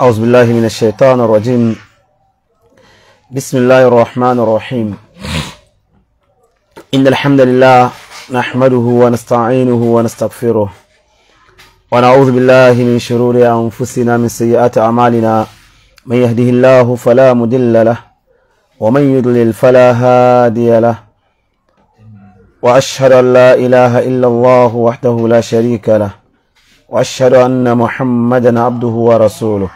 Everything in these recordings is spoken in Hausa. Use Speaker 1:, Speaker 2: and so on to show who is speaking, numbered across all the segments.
Speaker 1: أعوذ بالله من الشيطان الرجيم بسم الله الرحمن الرحيم إن الحمد لله نحمده ونستعينه ونستغفره ونعوذ بالله من شرور أنفسنا من سيئات أعمالنا من يهده الله فلا مدل له ومن يضلل فلا هادي له وأشهد أن لا إله إلا الله وحده لا شريك له واشهد ان محمدا عبده ورسوله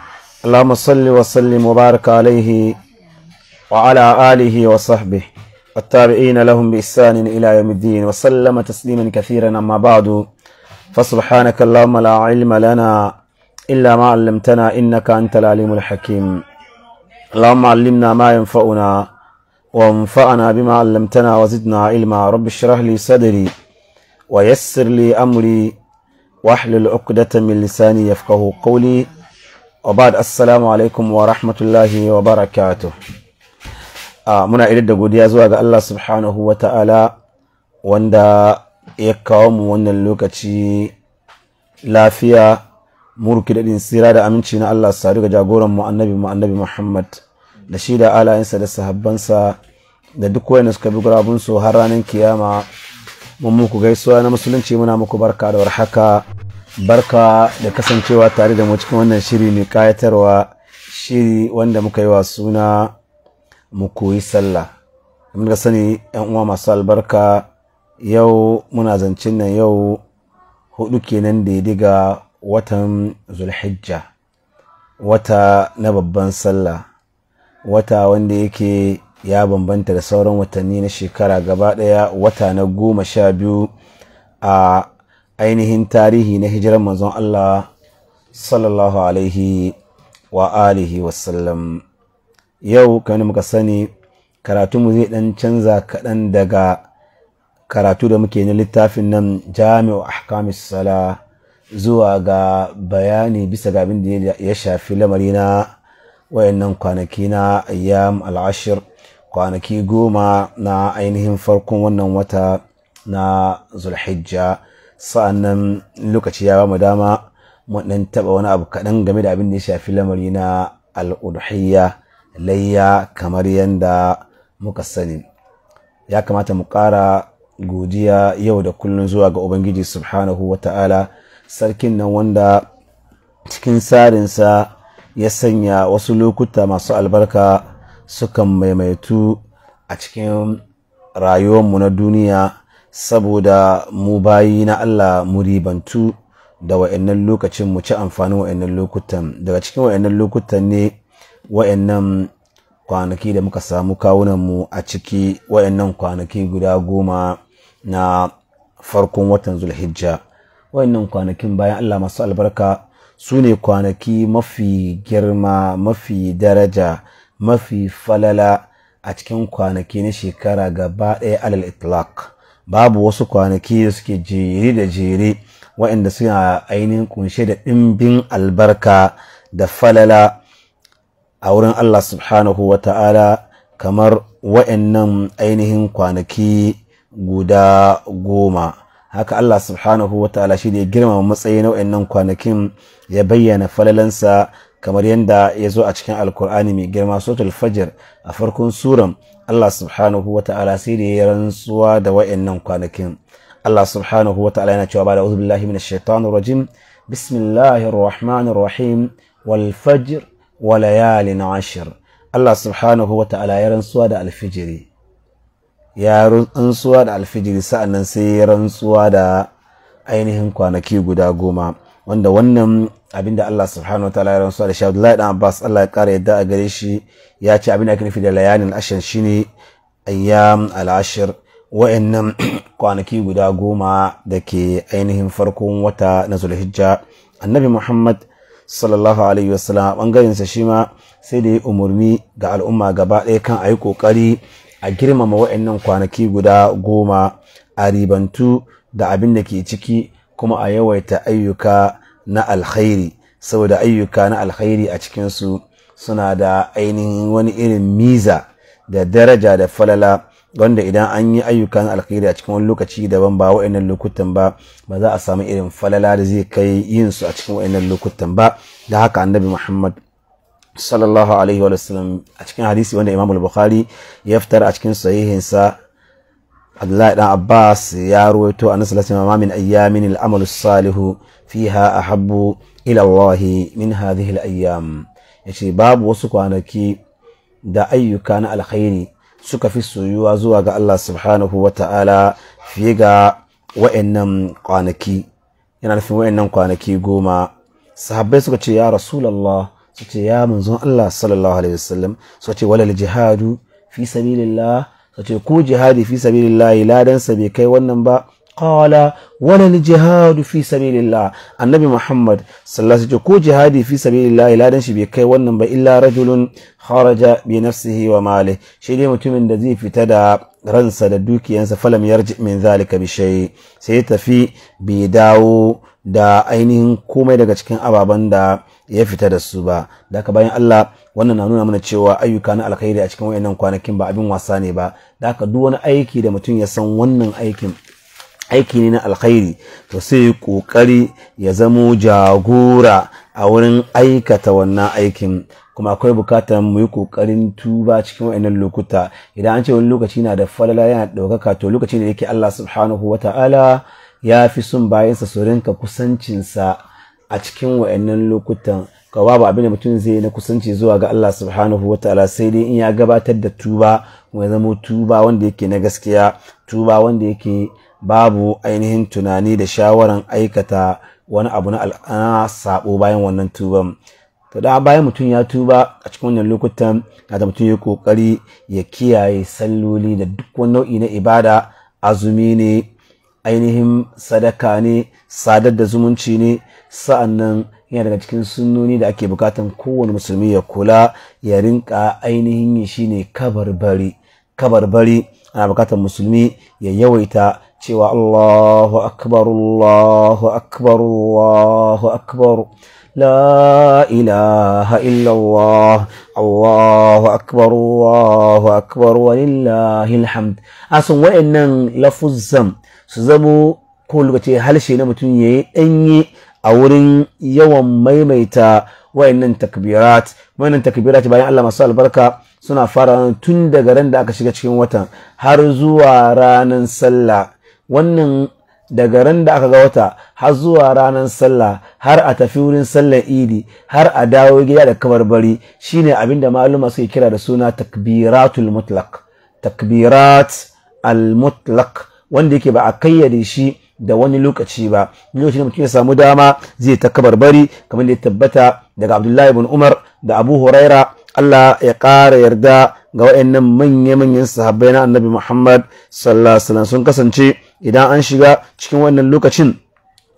Speaker 1: اللهم صل وسلم وبارك عليه وعلى اله وصحبه والتابعين لهم باحسان الى يوم الدين وسلم تسليما كثيرا اما بعد فسبحانك اللهم لا علم لنا الا ما علمتنا انك انت العليم الحكيم اللهم علمنا ما ينفعنا وانفعنا بما علمتنا وزدنا علما رب اشرح لي صدري ويسر لي امري واحلل عقدة من لساني يفقه قولي وبعد السلام alaikum wa rahmatullahi wa barakatu. muna idar da godiya zuwa ga Allah subhanahu wa ta'ala wanda ya kawo mu wannan lokaci lafiya murki daɗin tsira da aminci na Allah sadu ga jagoran mu annabi mu annabi Muhammad da shida da alayensa da sahabbansa da duk wayanda suka buga gurabun su har ranar kiyama mun muku gaisuwa na musulunci muna muku barka da warhaka barka da kasancewa tare da mu cikin wannan shiri mai kayatarwa shiri wanda muka yi wa suna mu koyi sallah mun ga sani yan uwa masu albarka yau muna zancen nan yau hudu kenan da ya diga watan zulhijja wata na babban sallah wata wanda yake ya bambanta da sauran watanni na shekara gaba ɗaya wata na goma sha biyu a ainihin tarihi na hijirar manzon Allah sallallahu alaihi wa alihi wasallam yau kamar muka sani karatu mu zai ɗan canza kaɗan daga karatu da muke na littafin nan jami'u ahkamis sala zuwa ga bayani bisa ga da ya shafi lamari na wayannan kwanaki na ayyam al'ashir kwanaki goma na ainihin farkon wannan wata na zulhijja sa'annan lokaci ya ba mu dama mu dan taba wani abu kaɗan game da abin da ya shafi lamari na al'udhiyya layya kamar yadda muka sani ya kamata mu ƙara godiya yau da kullum zuwa ga ubangiji subhanahu wa ta'ala sarkin nan wanda cikin tsarinsa ya sanya wasu lokuta masu albarka sukan maimaitu a cikin rayuwarmu na duniya saboda mu bayi na Allah mu ribantu da wa'annan lokacin mu ci amfanin wa'annan lokutan daga cikin wa'annan lokutan ne wa'annan kwanaki da muka samu kawunanmu a ciki wa'annan kwanaki guda goma na farkon watan zulhijja wa'annan kwanakin bayan Allah masu albarka su ne kwanaki mafi girma mafi daraja mafi falala a cikin kwanaki na shekara gaba ɗaya alal itlaq babu wasu kwanaki da suke jere da jere waɗanda suna ainihin kunshe da ɗimbin albarka da falala a wurin Allah subhanahu wa ta'ala kamar waɗannan ainihin kwanaki guda goma. haka Allah subhanahu wa ta'ala shi ne girmama matsayi na waɗannan kwanakin ya bayyana falalansa kamar yadda ya zo a cikin alkur'ani mai girma suratul fajir a farkon suran Allah subhanahu wa ta'ala sai da ya rantsuwa da wa'annan kwanakin Allah subhanahu wa ta'ala yana cewa ba da uzu billahi minash shaitanir rajim bismillahir rahmanir rahim wal fajr wa layalin ashir Allah subhanahu wa ta'ala ya rantsuwa da alfijiri ya rantsuwa da alfijiri sa'annan sai ya rantsuwa da ainihin kwanaki guda goma wanda wannan abinda Allah subhanahu wa ta'ala ya rantsuwa da shi Abdullahi dan Abbas Allah ya kare yadda a gare shi ya ce abin da ake nufi da layanin ashan shine ayyam al-ashr wa'annan kwanaki guda goma da ke ainihin farkon wata na Zulhijja Annabi Muhammad sallallahu alaihi wasallam bangaren sa shi ma sai da ya umarni ga al'umma gaba ɗaya kan ayi kokari a girmama wa'annan kwanaki guda goma a ribantu da abinda ke ciki kuma a yawaita ayyuka na alkhairi saboda ayyuka na alkhairi a cikinsu suna da ainihin wani irin miza da daraja da falala wanda idan an yi ayyukan alkhairi a cikin wani lokaci daban ba wa'annan lokutan ba ba za a samu irin falala da zai kai yin su a cikin wa'annan lokutan ba da haka annabi muhammad sallallahu alaihi wa sallam a cikin hadisi wanda imam al-bukhari ya fitar a cikin sahihinsa abdullahi dan abbas ya ruwaito a nasalar ma min ayyamin al'amalu salihu fiha ahabbu ila allah min hadhihi al'ayyam yace babu wasu kwanaki da ayyuka na alkhairi suka fi soyuwa zuwa ga Allah subhanahu wa ta'ala fiye ga wa'yannan kwanaki yana nufin wa'yannan kwanaki goma sahabbai suka ce ya rasulallah su ce ya manzon Allah sallallahu walal jihadu fi sabilillah ce ku jihadi fi sabilillahi ladansa bai kai wannan ba qala wala jihadu fi sabilillah annabi muhammad sallallahu alaihi ko jihadi fi sabilillahi ladan shi bai kai wannan ba illa rajulun kharaja bi nafsihi wa mali shi dai mutumin da zai fita da ransa da dukiyansa falam yarji min zalika bi shay sai tafi bai dawo da ainihin komai daga cikin ababen da ya fita da su ba da haka bayan Allah wannan na nuna mana cewa ayyuka na alkhairi a cikin wayannan kwanakin ba abin wasa ne ba da haka duk wani aiki da mutum ya san wannan aikin aiki ne na alkhairi to sai kokari ya zamo jagora a wurin aikata wannan aikin kuma akwai bukatar mu yi kokarin tuba cikin wayannan lokuta idan an ce wani lokaci na da falala yana ɗaukaka to lokaci ne yake Allah subhanahu wata'ala ya fi son bayansa su rinka kusancinsa a cikin wa'annan lokutan ka babu abin da mutum zai na kusanci zuwa ga Allah subhanahu wa ta'ala sai dai in ya gabatar da tuba ya zama tuba wanda yake na gaskiya tuba wanda yake babu ainihin tunani da shawaran aikata wani abu na al'ana sabo bayan wannan tuban to da bayan mutum ya tuba a cikin wannan lokutan na da mutum ya kokari ya kiyaye salloli da duk wani nau'i na ibada azumi ne ainihin sadaka ne sadar da zumunci ne sa'annan yana daga cikin sunnoni da ake bukatan kowane musulmi ya kula ya rinka ainihin yi ne kabarbari kabarbari ana bukatan musulmi ya yawaita cewa Allahu akbar Allahu akbar Allahu akbar لا إله إلا الله الله أكبر الله أكبر ولله الحمد أصلا وإن لفظا سزمو كل وقت هل شيء نمتون يأني a wurin yawan maimaita wayannan takbirat wayannan takbirat bayan Allah masu albarka suna fara tun daga ran da aka shiga cikin watan har zuwa ranan sallah wannan daga ran da aka ga wata har zuwa ranan sallah har a tafi wurin sallar idi har a dawo gida da kabarbari shine abin da maluma suke kira da suna takbiratul mutlaq takbirat al mutlaq wanda yake ba a kayyade shi da wani lokaci ba lokacin da mutum ya samu dama zai ta kabarbari kamar da ya tabbata daga abdullahi ibn umar da abu huraira allah ya ƙara yarda ga waɗannan manya-manyan sahabbai na annabi muhammad sallallahu alaihi sun kasance idan an shiga cikin wannan lokacin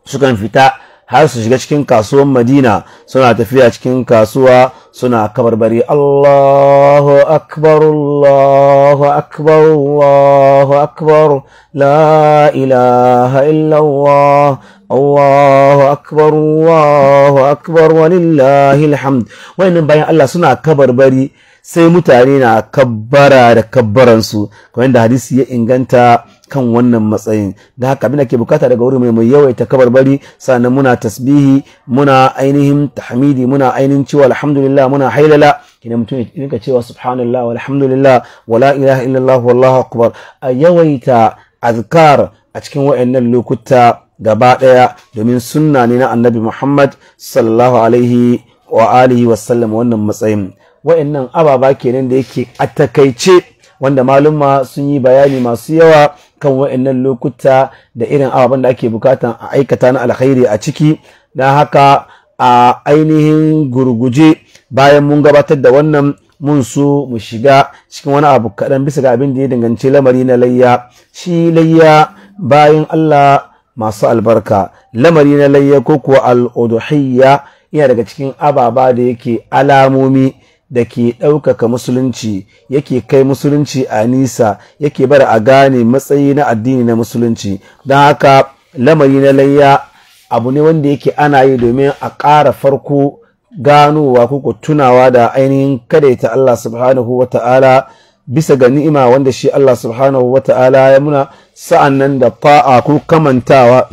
Speaker 1: sukan fita har su shiga cikin kasuwar madina suna tafiya cikin kasuwa suna kabarbari allahu akbar allahu akbar allahu akbar la ilaha illallah allahu akbar allahu akbar walillahi alhamd wayannan bayan allah suna kabarbari sai mutane na kabbara da kabbaransu kamar yadda hadisi ya inganta kan wannan matsayin da haka abin da ke bukata daga wuri mai yawaita kabarbari sannan muna tasbihi muna ainihin tahmidi muna ainihin cewa alhamdulillah muna hailala kina mutum ya ka cewa subhanallah walhamdulillah wala ilaha illallah wallahu akbar a yawaita azkar a cikin wayannan lokuta gaba daya domin sunna ne na annabi Muhammad sallallahu alaihi wa alihi wa sallam wannan matsayin wayannan ababa kenan da yake a takaice wanda malumma sun yi bayani masu yawa kan wa'annan lokuta da irin ababen da ake bukatan a aikata na alkhairi a ciki na haka a ainihin gurguje bayan mun gabatar da wannan mun so mu shiga cikin wani abu kaɗan bisa ga abin da ya danganci lamari na layya shi layya bayan Allah masu albarka lamari na layya ko kuwa al'uduhiyya yana daga cikin ababa da yake alamomi da ke ɗaukaka musulunci yake kai musulunci a nisa yake bar a gane matsayi na addini na musulunci don haka lamari na layya abu ne wanda yake ana yi domin a ƙara farko ganowa ko tunawa da ainihin kadaita Allah subhanahu wa ta'ala bisa ga ni'ima wanda shi Allah subhanahu wa ta'ala ya muna sa'an nan da fa'a ko kamantawa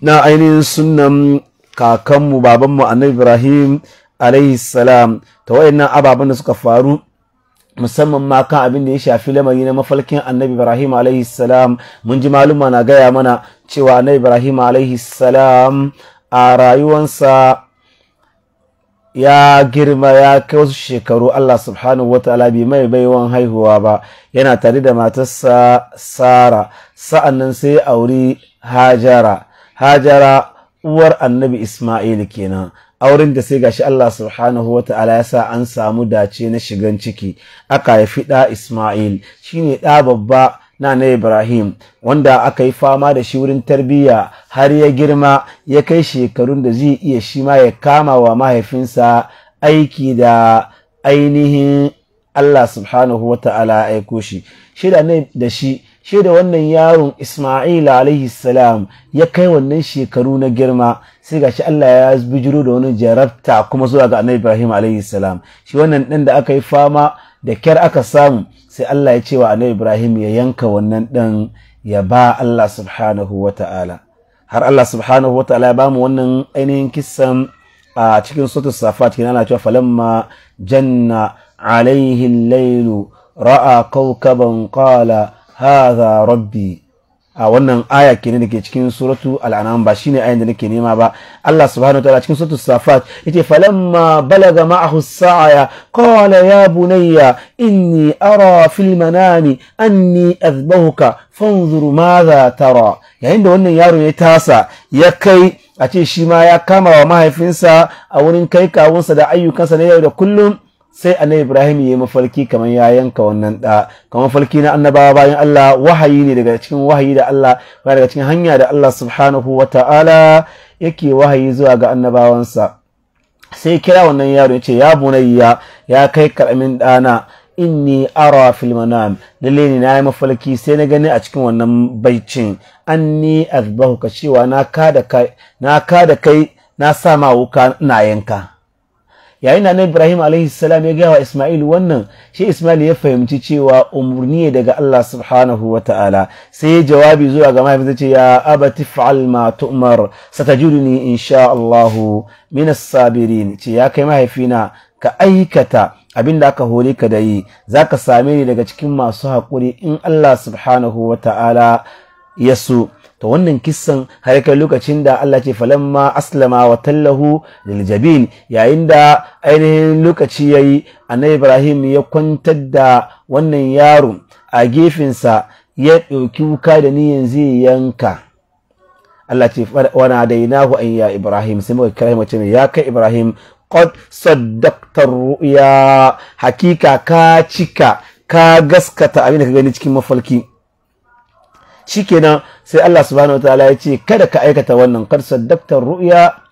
Speaker 1: na ainihin sunan kakanmu babanmu annabi Ibrahim alaihi salam ta wayannan ababen da suka faru musamman ma kan abin da ya shafi lamari na mafalkin annabi ibrahim alaihi salam mun ji maluma na gaya mana cewa annabi ibrahim alaihi salam a rayuwansa ya girma ya kai wasu shekaru Allah subhanahu wa ta'ala bai mai baiwan haihuwa ba yana tare da matarsa Sara sa'annan sai ya auri Hajara Hajara uwar annabi Ismail kenan auren da sai gashi Allah subhanahu wa ta'ala ya sa an samu dace na shigan ciki aka haifi ɗa Ismail shine ɗa babba na na Ibrahim wanda aka yi fama da shi wurin tarbiyya har ya girma ya kai shekarun da zai iya shi ma ya kama wa mahaifinsa aiki da ainihin Allah subhanahu wa ta'ala aiko shi shi da da shi shi da wannan yaron Ismail alaihi salam ya kai wannan shekaru na girma sai gashi Allah ya bijiro da wani jarabta kuma zuwa ga annabi Ibrahim alayhi salam shi wannan ɗan da aka yi fama da kyar aka samu sai Allah ya ce wa annabi Ibrahim ya yanka wannan ɗan ya ba Allah subhanahu wa ta'ala har Allah subhanahu wa ta'ala ya ba mu wannan ainihin kissan a cikin suratul safat kina ana cewa falamma janna alaihi lailu ra'a kawkaban qala hadha rabbi a wannan aya kenan da ke cikin suratu al'anam ba shine ayan da nake nema ba Allah subhanahu wataala cikin suratu safat yace falamma balaga ma'ahu sa'aya qala ya bunayya inni ara fil manami anni azbahuka fanzur madha tara yayin da wannan yaro ya tasa ya kai a ce shi ma ya kama wa mahaifinsa a wurin kai kawunsa da ayyukansa na yau da kullum sai annabi ibrahim ya yi mafarki kamar ya yanka wannan da kamar mafarki na annabawa bayan Allah wahayi ne daga cikin wahayi da Allah ba daga cikin hanya da Allah subhanahu wa ta'ala yake wahayi zuwa ga annabawansa sai kira wannan yaro ya ce ya bunayya ya kai karamin dana inni ara fil manam lalle ne na yi mafarki sai na gani a cikin wannan baicin anni azbahu ka cewa na ka da kai na sa ma na wuka na yanka yayin da annabi ibrahim alaihi salam ya gaya wa isma'il wannan shi isma'il ya fahimci cewa umurni daga allah subhanahu wa ta'ala sai ya jawabi zuwa ga mahaifinsa ce ya abati fa'al ma tu'mar satajiduni insha allah min as-sabirin ce ya kai mahaifina ka aikata abin da aka hore ka da yi zaka same ni daga cikin masu haƙuri in allah subhanahu wa ta'ala ya so to wannan kissan har kai lokacin da Allah ce falamma aslama wa tallahu lil jabin yayin da ainihin lokaci yayi annabi Ibrahim ya kwantar da wannan yaro a gefensa ya ɗauki wuka da niyan zai yanka Allah ce wana dainahu an ya Ibrahim sai muka kira mace ya kai Ibrahim qad saddaqta ru'ya hakika ka cika ka gaskata abin da ka gani cikin mafalki shikenan sai Allah subhanahu wataala ya ce kada ka aikata wannan kar daktar ru'ya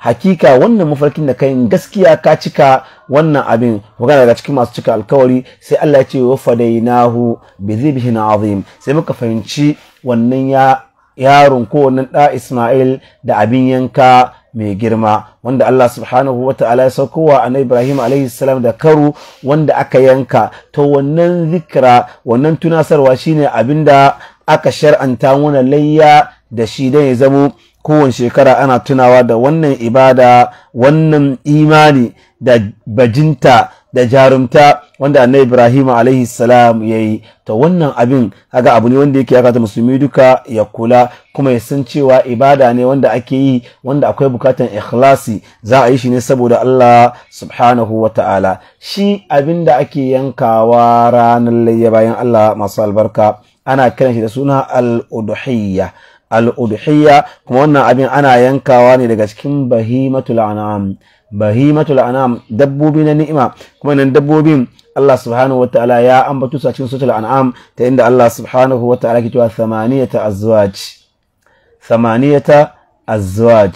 Speaker 1: hakika wannan mafarkin da kai gaskiya ka cika wannan abin magana daga cikin masu cika alkawari sai Allah ya ce wa fadainahu bi zibhin azim sai muka fahimci wannan ya yaron ko wannan da Isma'il da abin yanka mai girma wanda Allah subhanahu wa ta'ala ya saukowa annabi Ibrahim alaihi salam da karu wanda aka yanka to wannan zikira wannan tunasarwa shine abinda aka shar'anta muna layya da shi dan ya zamo kowane shekara ana tunawa da wannan ibada wannan imani da bajinta da jarumta wanda annabi ibrahim alaihi salam ya yi to wannan abin kaga abu ne wanda yake ya kata musulmi duka ya kula kuma ya san cewa ibada ne wanda ake yi wanda akwai bukatan ikhlasi za a yi shi ne saboda Allah subhanahu wa ta'ala shi abin da ake yankawa ranar layya bayan Allah masu albarka ana kiran shi da suna al-udhiyya al-udhiyya kuma wannan abin ana yankawa ne daga cikin bahimatul an'am bahimatul an'am dabbobi na ni'ima kuma nan dabbobin Allah subhanahu wataala ya ambatu su a cikin suratul an'am ta inda Allah subhanahu wataala ke cewa samaniyata azwaj thamaniyata azwaj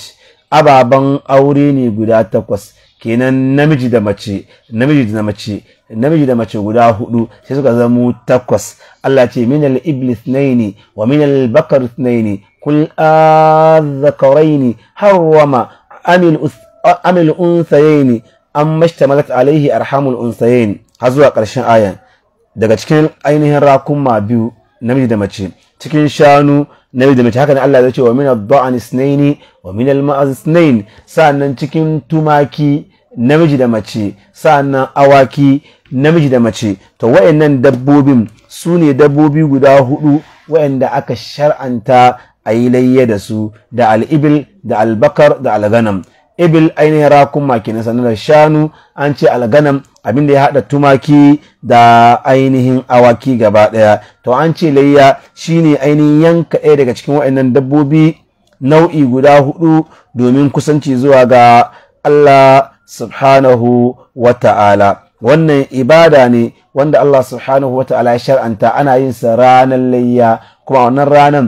Speaker 1: ababan aure ne guda takwas kenan namiji da mace namiji da mace namiji da mace guda hudu sai suka zamo takwas Allah ce min minal iblis naini wa min minal bakar naini kul azzakaraini harwama amil unsayaini an mashtamalat alaihi arhamul unsayaini har zuwa ƙarshen ayan daga cikin ainihin rakuma biyu namiji da mace cikin shanu namiji da mace haka ne Allah zai ce wa min ad-da'an isnaini wa min al-ma'az isnain sa'annan cikin tumaki namiji da mace sa'annan awaki namiji da mace to wayannan dabbobin su ne dabbobi guda hudu wayanda aka shar'anta a yi layya da su da al'ibil da albakar da alganam ibil ainihin rakuma kenan na da shanu an ce alganam abinda ya haɗa tumaki da ainihin awaki gaba ɗaya to an ce layya shine ainihin yanka ɗaya daga cikin wa'annan dabbobi nau'i guda hudu domin kusanci zuwa ga Allah subhanahu wa ta'ala wannan ibada ne wanda Allah subhanahu wa ta'ala ya shar'anta ana yin sa ranar layya kuma wannan ranar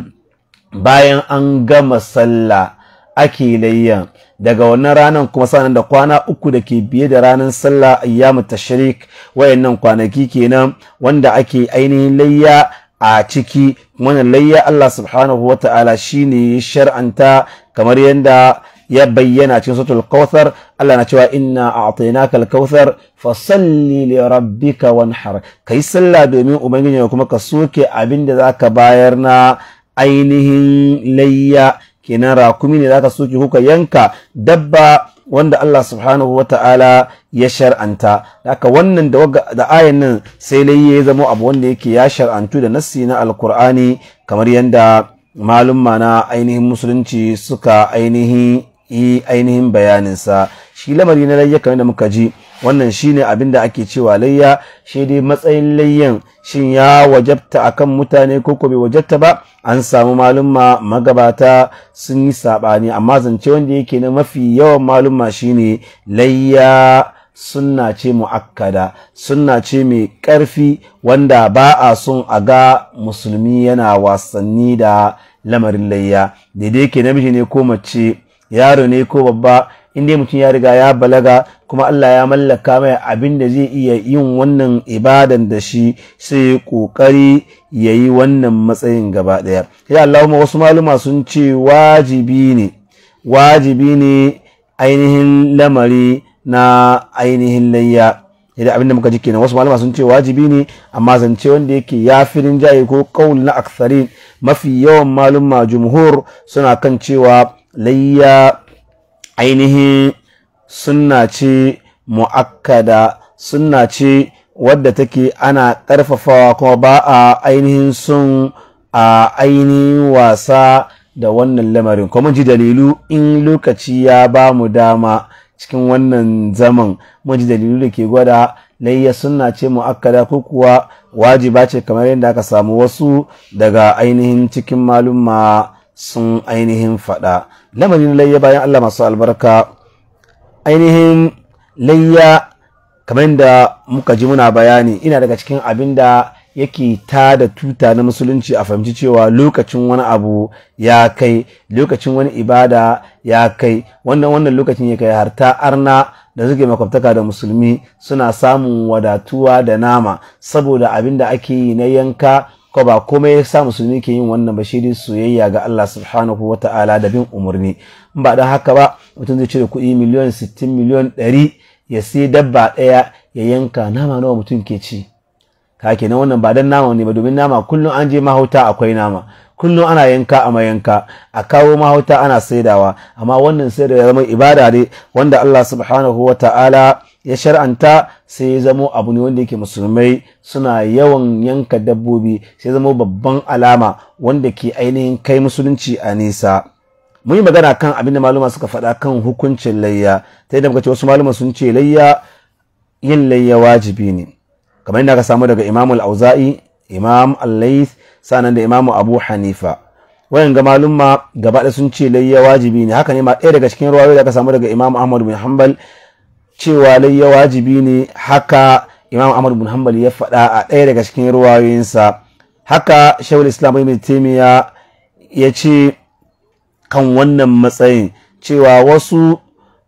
Speaker 1: bayan an gama sallah ake layya daga wannan ranar kuma sanan da kwana uku da ke biye da ranar sallah ayyamu tashrik wayannan kwanaki kenan wanda ake ainihin layya a ciki wannan layya Allah subhanahu wa ta'ala shine shar'anta kamar yadda ya bayyana cikin suratul kawthar Allah na cewa inna a'tainaka al-kautsar fasalli li rabbika wanhar kai sallah domin ubangiji kuma ka soke abin da zaka bayar na ainihin layya kenan rakumi ne zaka soke kuka yanka dabba wanda Allah subhanahu wata'ala ya shar'anta haka wannan da da ayan nan sai layya ya zama abu wanda yake ya shar'antu da nassi na alkur'ani kamar yadda malum mana ainihin musulunci suka ainihin yi ainihin bayaninsa shi lamari na layya kamar da muka ji wannan shine abin da ake cewa layya shi dai matsayin layyan shi ya wajabta a kan mutane ko ko bai wajabta ba an samu malumma magabata sun yi saɓani amma zance wanda yake na mafi yawan malumma shine layya sunna ce mu'akkada sunna ce mai karfi wanda ba a son a ga musulmi yana wasanni da lamarin layya daidai ke namiji ne ko mace yaro ne ko babba in dai mutum ya riga ya balaga kuma Allah ya mallaka mai abin da zai iya yin wannan ibadan da shi sai kokari ya yi wannan matsayin gaba daya ya Allahumma wasu maluma sun ce wajibi ne wajibi ne ainihin lamari na ainihin layya idan abinda muka ji kenan wasu malama sun ce wajibi ne amma zance wanda yake ya fi rinjaye ko kaul na aktharin mafi yawan maluma jumhur suna kan cewa layya ainihin sunna ce mu'akkada sunna ce wadda take ana ƙarfafawa kuma ba a ainihin sun a ainihin wasa da wannan lamarin kuma ji dalilu in lokaci ya ba mu dama cikin wannan zaman mun ji dalilu da ke gwada layya sunna ce mu'akkada ko kuwa wajiba ce kamar yadda aka samu wasu daga ainihin cikin malumma sun ainihin faɗa lamarin layya bayan Allah masu albarka ainihin layya kamar da muka ji muna bayani ina daga cikin abin da yake ta da tuta na musulunci a fahimci cewa lokacin wani abu ya kai lokacin wani ibada ya kai wannan wannan lokacin ya kai har ta arna da zuke makwabtaka da musulmi suna samun wadatuwa da nama saboda abin da ake yi na yanka ko ba komai ya sa musulmi ke yin wannan bashirin soyayya ga Allah subhanahu wa ta'ala da bin umarni in ba don haka ba mutum zai cire kuɗi miliyon sittin miliyon ɗari ya sai dabba ɗaya ya yanka nama nawa mutum ke ci ka kenan wannan ba don nama ne ba domin nama kullum an je mahauta akwai nama kullum ana yanka a mayanka a kawo mahauta ana saidawa amma wannan sai da ya zama ibada ne wanda Allah subhanahu wa ta'ala ya shar'anta sai ya zamo abu ne wanda yake musulmai suna yawan yanka dabbobi sai zamo babban alama wanda ke ainihin kai musulunci a nisa mun yi magana kan abin da maluma suka faɗa kan hukuncin layya ta yadda muka ce wasu maluma sun ce layya yin layya wajibi ne kamar yadda aka samu daga imam al-auza'i imam al-layth sanan da imam abu hanifa wayan ga maluma gaba sun ce layya wajibi ne haka ne ma ɗaya daga cikin ruwayoyi da aka samu daga imam ahmad bin hanbal cewa layya wajibi ne haka imam ahmad bin hanbali ya faɗa a ɗaya daga cikin ruwayoyinsa haka shawul islam ibn taimiya ya ce kan wannan matsayin cewa wasu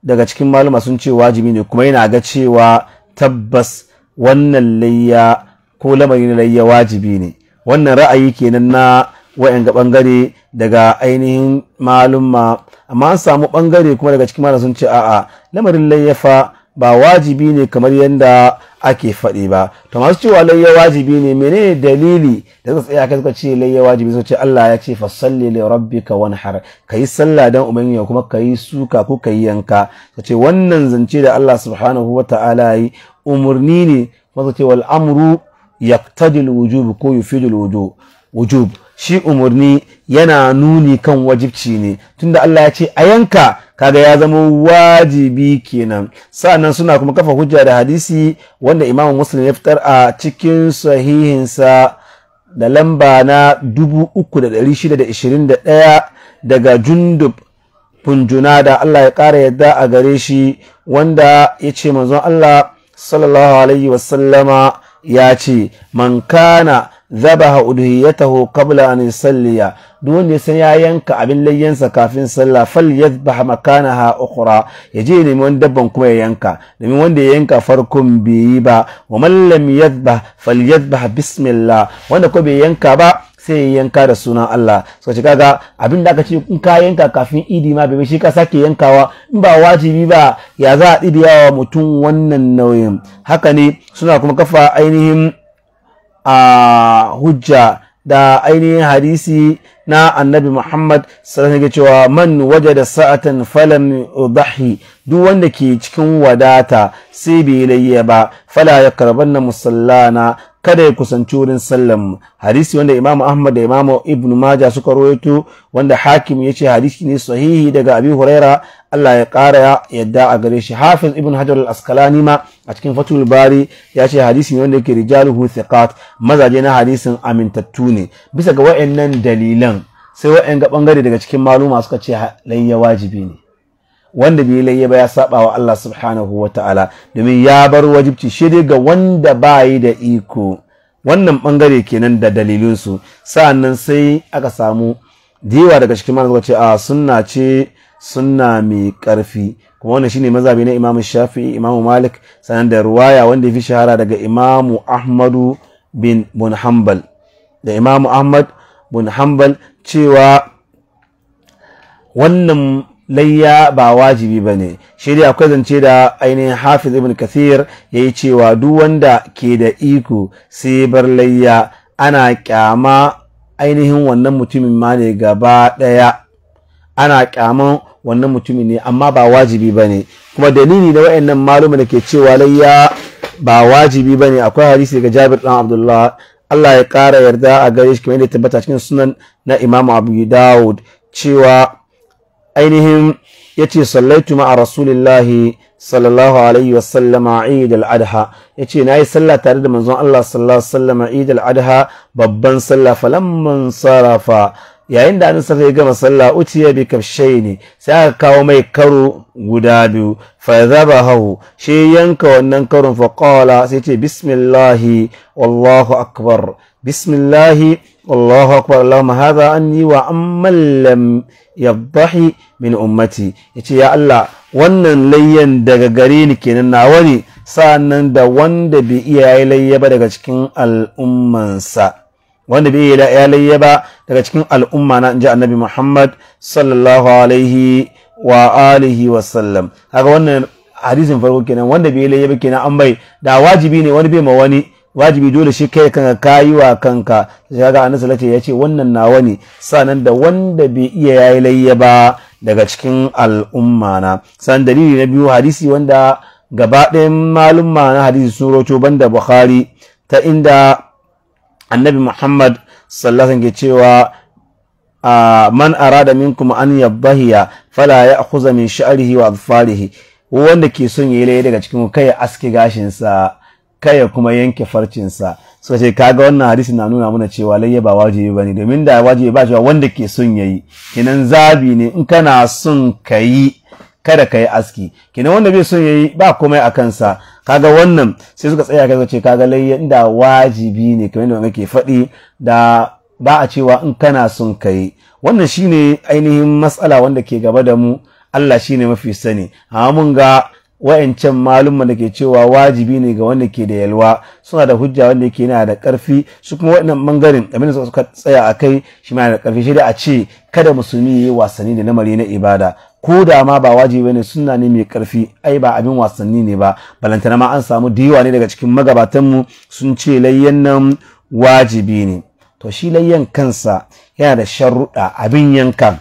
Speaker 1: daga cikin maluma sun ce wajibi ne kuma yana ga cewa tabbas wannan layya ko lamarin layya wajibi ne wannan ra'ayi kenan na wa'yan ga bangare daga ainihin maluma amma an samu bangare kuma daga cikin malam sun ce a'a lamarin layyafa ba wajibi ne kamar yadda ake faɗi ba to masu cewa layya wajibi ne menene dalili da zai tsaya kai ce layya wajibi sai ce Allah ya ce fasalli li rabbika wanhar kai sallah dan ubangiji kuma kai suka ko kai yanka suka ce wannan zance da Allah subhanahu wataala yi umurni ne kuma ce wal amru yaqtadi al wujub ko yufidu al wujub shi umurni yana nuni kan wajibci ne tunda Allah ya ce a yanka kaga ya zama wajibi kenan sa'annan suna kuma kafa hujja da hadisi wanda imamu muslim ya fitar a cikin sahihinsa da lamba na 3621 daga jundub punjuna da Allah ya ƙara yadda a gare shi wanda ya ce manzon Allah sallallahu alaihi wasallama ya ce man kana zabaha udhiyatahu qabla an yusalliya duk wanda ya san ya yanka abin layyansa kafin sallah fal yadhbaha makanaha ukhra yaje ne wani dabban kuma ya yanka domin wanda ya yanka farkon bai yi ba wa man lam yadhbah falyadhbah bismillah wanda ko bai yanka ba sai ya yanka da sunan Allah so ci kaga abin da aka ce in ka yanka kafin idi ma bai shi ka sake yankawa in ba wajibi ba ya za a idiyawa mutum wannan nauyin haka ne suna kuma kafa ainihin a hujja da ainihin hadisi na annabi Muhammad sallallahu ga cewa man waje da sa'atan falam udahi duk wanda ke cikin wadata sai bai layya ba fala ya na musallana kada ya kusanci wurin sallan hadisi wanda imamu ahmad da imamu ibn maja suka rawaito wanda hakim ya ce hadisi ne sahihi daga abi huraira allah ya kara yadda a gare shi hafiz ibn hajar al-askalani ma a cikin fatul bari ya ce hadisi ne wanda ke rijalu hu thiqat mazaje na hadisin amintattu ne bisa ga wayannan dalilan sai wayan ga bangare daga cikin maluma suka ce layya wajibi ne wanda bai layya ba ya saba wa Allah subhanahu wata'ala domin ya bar wajibci shi ga wanda bayi da iko wannan bangare kenan da dalilinsu sa'annan sai aka samu diwa daga cikin malama suka ce a ah, sunna ce sunna mai karfi kuma wannan shine mazhabi na Imam Shafi'i Imam Malik sanan da ruwaya wanda fi shahara daga Imam Ahmadu bin bin Hanbal da Imam Ahmad bin Hanbal cewa wannan layya ba wajibi ba ne shi dai akwai zance da ainihin hafiz ibn kathir ya yi cewa duk wanda ke da iko sai bar layya ana kyama ainihin wannan mutumin ma ne gaba ɗaya ana kyaman wannan mutumi ne amma ba wajibi ba ne kuma dalili na wa'annan maluma da ke cewa layya ba wajibi ba ne akwai hadisi daga jabir ɗan abdullah allah ya kara yarda a gare shi kamar yadda tabbata cikin sunan na imamu abu dawud cewa ainihin ya ce sallaitu a rasulillahi sallallahu alaihi wasallama eid al-adha ya ce na yi sallah tare da manzon allah sallallahu alaihi wasallama eid al-adha babban sallah falamman sarrafa yayin da annabi sallallahu ya gama sallah uciya bi kafshaini sai aka kawo mai karo guda biyu fa zabahu shi yanka wannan karon fa qala sai ce bismillahi wallahu akbar bismillahi wallahu akbar allahumma hadha anni wa amman lam yadhahi min ummati yace ya Allah wannan layyan daga gare ni kenan nawa ne sa'annan da wanda bai iya yayi layya ba daga cikin al'ummansa wanda bai ya layya ba daga cikin al'umma na in ji annabi Muhammad sallallahu alaihi wa alihi wa sallam wannan hadisin farko kenan wanda bai layya ba kenan an bai da wajibi ne wani bai ma wani wajibi dole shi kai kanka kayi wa kanka sai ga annabi sallallahu alaihi ya ce wannan nawa ne sanan da wanda bai iya yayi layya ba daga cikin al'umma na san dalili na biyu hadisi wanda gaba ɗayan malumma na hadisi sun roto banda Bukhari ta inda annabi muhammad sallallahu alaihi cewa man arada minkum an yabbahiya fala ya'khudha min sha'rihi wa adfarihi wanda ke son yayi laye daga cikin kai aske gashin sa kai kuma yanke farcin sa so ce kaga wannan hadisi na nuna mana cewa laye ba wajibi bane domin da wajibi ba cewa wanda ke son yayi Kinan zabi ne in kana son kayi kada kayi aski Kinan wanda bai son yayi ba komai a kansa kaga wannan sai suka tsaya kaga ce kaga lai inda wajibi ne kamar yadda kake faɗi da ba a cewa in kana sun kai wannan shine ainihin matsala wanda ke gaba da mu Allah shine mafi sani amma mun ga wayancan malumma da ke cewa wajibi ne ga wanda ke da yalwa suna da hujja wanda yake yana da karfi su kuma waɗannan bangaren abin da suka tsaya a kai shi ma da karfi shi da a ce kada musulmi yi wasanni da lamari na ibada ko da ma ba wajibi bane sunna ne mai karfi ai ba abin wasanni ne ba balantana ma an samu diwa ne daga cikin magabatan mu sun ce layyan nan wajibi ne to shi layyan kansa yana da sharuɗa abin yanka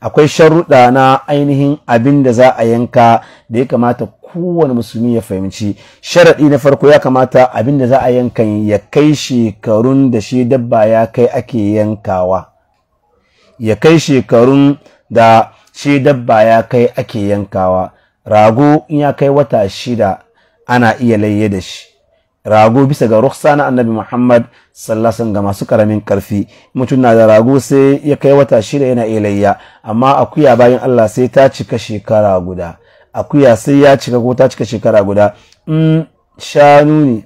Speaker 1: akwai sharuɗa na ainihin abin da za a yanka da ya kamata kowane musulmi ya fahimci sharaɗi na farko ya kamata abin da za a yanka ya kai shekarun da shi dabba ya kai ake yankawa ya kai shekarun da shi dabba ya kai ake yankawa rago in ya kai wata shida ana iya layye da shi rago bisa ga ruksa na annabi muhammad sallasan ga masu karamin karfi mutum na da rago sai ya kai wata shida yana iya layya amma akuya bayan allah sai ta cika shekara guda akuya sai ya cika ko ta cika shekara guda in shanu ne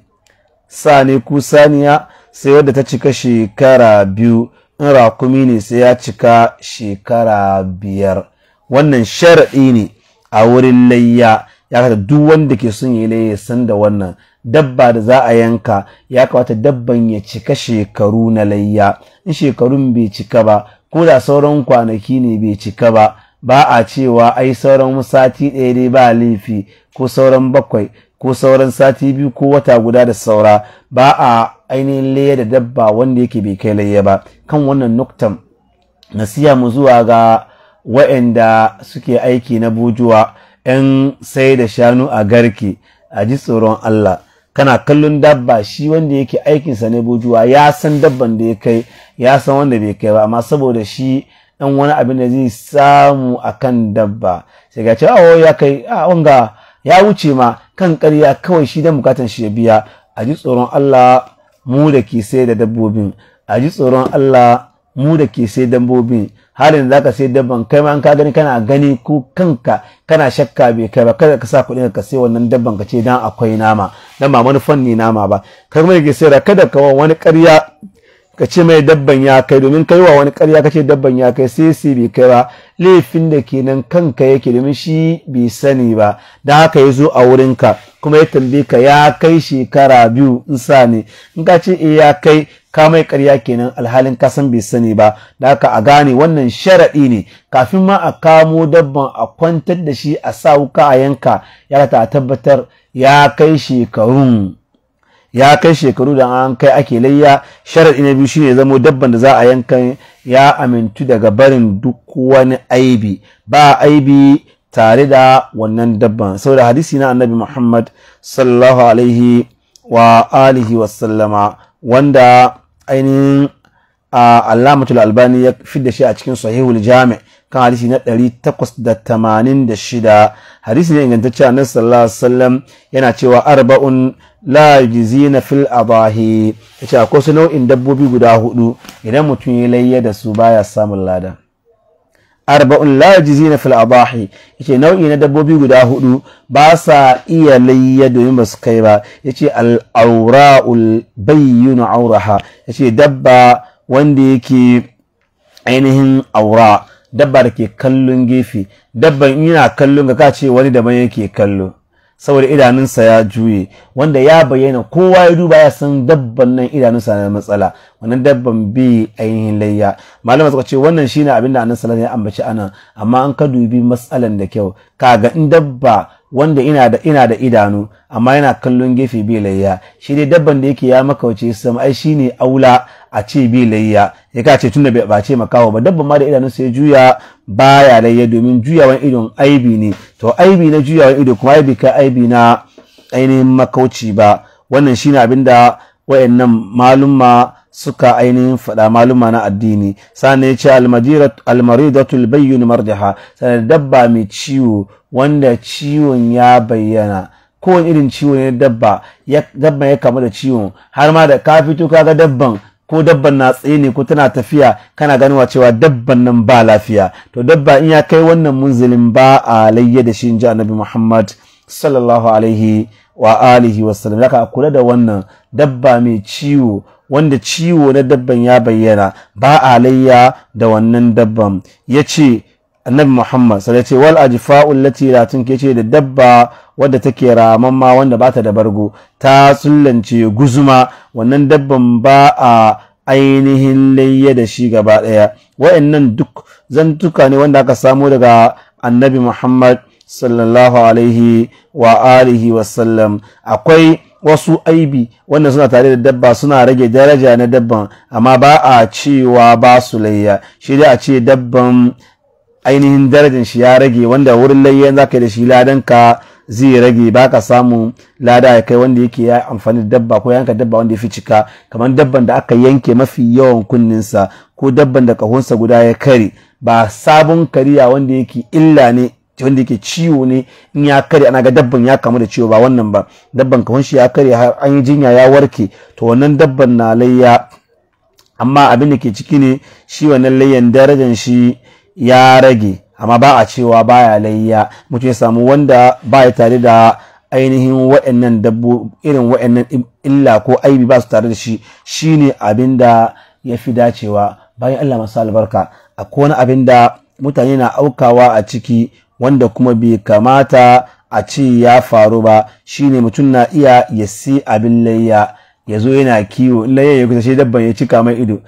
Speaker 1: sa ne ku saniya sai wadda ta cika shekara biyu in rakumi ne sai ya cika shekara biyar wannan sharaɗi ne a wurin layya ya kata duk wanda ke son yi layya san da wannan dabba da za a yanka ya kamata dabban ya cika shekaru na layya in shekarun bai cika ba ko da sauran kwanaki ne bai cika ba ba a cewa ai sauran sati ɗaya dai ba laifi ko sauran bakwai ko sauran sati biyu ko wata guda da saura ba a ainihin layya da dabba wanda yake bai kai layya ba kan wannan nuktan nasiya mu zuwa ga wa'anda suke aiki na bujuwa 'yan sai da shanu a garke a ji tsoron Allah kana kallon dabba shi wanda yake aikinsa na bujuwa ya san dabban da ya kai ya san wanda bai kai ba amma saboda shi ɗan wani abin da zai samu a kan dabba sai ga cewa ah, ya kai a ah, wanga ya wuce ma kan karya kawai shi dan bukatan shi ya biya a ji tsoron Allah mu da ke sai da dabbobin a ji tsoron Allah mu da ke sai dambobin halin da zaka sai dabban kai ma an ka gani kana gani ko kanka kana shakka bai kai ba kada ka sa kuɗin ka sai wannan dabban ka ce dan akwai nama dan ba manufan ne nama ba kai mai ke sai kada ka wa wani ƙarya ka ce mai dabban ya kai domin kai wa wani ƙarya ka ce dabban ya kai sai sai bai kai ba laifin da ke nan kanka yake domin shi bai sani ba dan haka ya zo a wurin ka kuma ya tambaye ka ya kai shekara biyu in sa ne in ka ce eh ya kai ka mai ƙarya kenan alhalin ka san bai sani ba da haka a gane wannan sharaɗi ne kafin ma a kamo dabban a kwantar da shi a sa wuka a yanka ya ta tabbatar ya kai shekarun ya kai shekaru da an kai ake layya sharaɗi na biyu shine zamo dabban da za a yanka ya amintu daga barin duk wani aibi ba aibi tare da wannan dabban saboda hadisi na annabi muhammad sallallahu alaihi wa alihi wasallama wanda ainihin alamatul albani ya fi da shi a cikin sahihul jami kan hadisi na 886 hadisi ne ingantacce a nan sallallahu sallam yana cewa arba'un la yujizina fil adahi ce akwai su nau'in dabbobi guda hudu idan mutum ya layya da su baya samun lada arba'un la na fil abahi yace nau'i na dabbobi guda hudu ba sa iya layya domin ba su kai ba yace al aura'ul bayyinu auraha yace dabba wanda yake ainihin aura dabba da ke kallon gefe dabban yana kallon ka kace wani daban yake kallo saboda idanunsa ya juye wanda ya bayyana kowa ya duba ya san dabban nan idanunsa na matsala wannan dabban bi ainihin layya malama suka ce wannan shine abin da annabi sallallahu alaihi wasallam ya ambaci anan amma an ka dubi matsalan da kyau kaga in dabba wanda ina da ina da idanu amma yana kallon gefe bai layya shi dai dabban da yake ya makauce sama ai shine aula a ce bai layya ya ka ce tunda ba ce makawo ba dabban ma da idanun sai juya baya layya domin juyawan idon aibi ne to aibi na juyawan ido kuma aibi ka aibi na ainihin makauci ba wannan shine abinda wayannan malumma suka ainihin faɗa maluma na addini sannan ya ce almaridatul bayyun marjaha sannan dabba mai ciwo wanda ciwon ya bayyana kowane irin ciwo ne dabba Ya dabba ya kamu da ciwon har ma da ka fito kaga dabban ko dabban na tsaye ne ko tana tafiya kana ganuwa cewa dabban nan ba lafiya to dabba in ya kai wannan munzilin ba a layya da shi inji annabi muhammad sallallahu alaihi wa alihi wasallam zaka kula da wannan dabba mai ciwo wanda ciwo na dabban ya bayyana ba a layya da wannan dabban yace annabi muhammad sai ya ce wal ajfa'u allati la da dabba wadda take ramamma wanda bata da bargo ta sullance guzuma wannan dabban ba a ainihin layya da shi gaba ɗaya wa'annan duk zantuka ne wanda aka samo daga annabi muhammad sallallahu alaihi wa alihi wasallam akwai wasu aibi wanda suna tare da dabba suna rage daraja na dabban amma ba a cewa ba su layya shi dai a ce dabban ainihin darajan shi ya rage wanda wurin layyan zaka ka da shi ladanka zai rage ba ka samu lada ya kai wanda yake ya amfani da dabba ko yanka dabba wanda ya fi cika kamar dabban da aka yanke mafi yawan kunninsa ko dabban da kahonsa guda ya kare ba sabon kariya wanda yake illa ne wanda yake ciwo ne in ya kare ana ga dabban ya kamu da ciwo ba wannan ba dabban kahon shi ya kare an yi jinya ya warke to wannan dabban na layya amma abin da ke ciki ne shi wannan layyan darajan shi ya rage amma ba a cewa baya layya mutum ya samu wanda baya tare da ainihin wa'annan dabbo irin wa'annan illa ko aibi ba su tare da shi shine abin da ya fi dacewa bayan Allah masu albarka akwai wani abin da mutane na aukawa a ciki wanda kuma bai kamata a ce ya faru ba shine mutum na iya ya si abin layya ya zo yana kiwo layya ya kusa shi dabban ya cika mai ido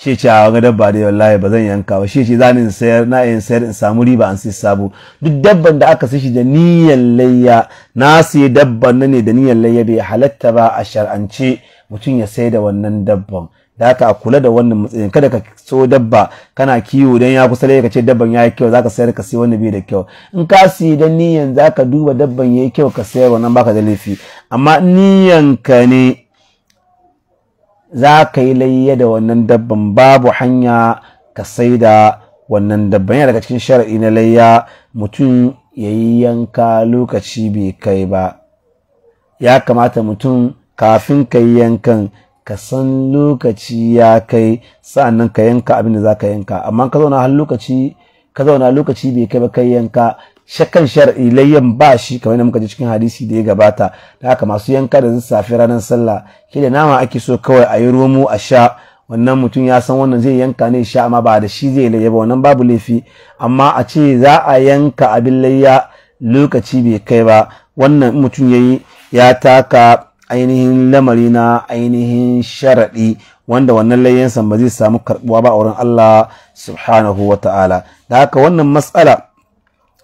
Speaker 1: shi ce a ga dabba da wallahi ba zan yanka ba shi ce za ni sayar na in sayar in samu riba an sai sabo duk dabban da aka sai da niyyar layya na sai dabban nan ne da niyyar layya bai halatta ba a shar'ance mutum ya sai da wannan dabban da haka a kula da wannan matsayin kada ka so dabba kana kiwo don ya kusa ka ce dabban ya yi kyau zaka sayar ka sai wanda bai da kyau in ka siyi da niyan zaka duba dabban ya yi kyau ka sayar wannan baka da laifi amma niyan ka ne za ka yi layya da wannan dabban babu hanya ka sai da wannan dabban yana daga cikin shari'i na layya mutum ya yi yanka lokaci bai kai ba ya kamata mutum kafin ka yi yankan ka san lokaci ya kai sa'annan ka yanka abin da za ka yanka amma ka zauna har lokaci ka zauna lokaci bai kai ba kai yanka shakan shar'i layyan ba shi kamar yadda muka ji cikin hadisi da ya gabata da haka masu yanka da safi ranar sallah ke da nama ake so kawai a yi romo a sha wannan mutum ya san wannan zai yanka ne sha amma ba da shi zai layya ba wannan babu laifi amma a ce za a yanka abin layya lokaci bai kai ba wannan mutum ya yi ya taka ainihin lamari na ainihin sharaɗi wanda wannan layyansa ba zai samu karɓuwa ba a wurin Allah subhanahu wa ta'ala da haka wannan matsala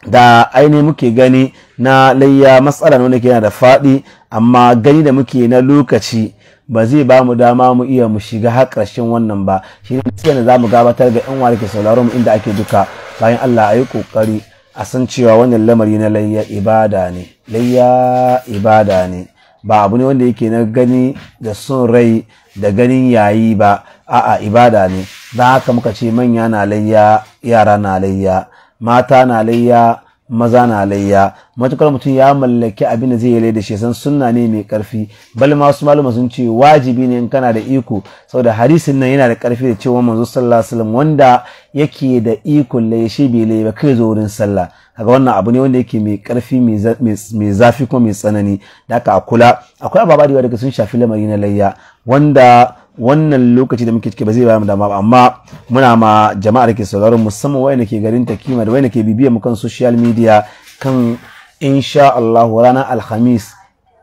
Speaker 1: da aini muke gani na layya matsala wanda ke yana da faɗi amma gani da muke na lokaci ba zai ba mu dama mu iya mu shiga har ƙarshen wannan ba shi ne da za mu gabatar ga yan wani ke sauraron mu inda ake duka bayan Allah ayi kokari a san cewa wannan lamari na layya ibada ne layya ibada ne ba abu ne wanda yake na gani da son rai da ganin yayi ba a'a ibada ne Za haka muka ce manya na layya yara na layya mata na layya maza na layya matukar mutum ya mallaki abin da zai yi da shi san sunna ne mai karfi bal ma wasu maluma sun ce wajibi ne in kana da iko saboda hadisin nan yana da karfi da cewa manzo sallallahu alaihi wasallam wanda yake da iko laye shi bai laye ba kai zo wurin sallah kaga wannan abu ne wanda yake mai karfi mai zafi kuma mai tsanani da haka a kula akwai ababa da daga sun shafi lamari na layya wanda wannan lokaci da muke ciki ba zai ba mu dama ba amma muna ma jama'ar ke sauraron musamman wayanda ke garin ta kima da wayanda ke bibiyar mu kan social media kan insha Allah ranar alhamis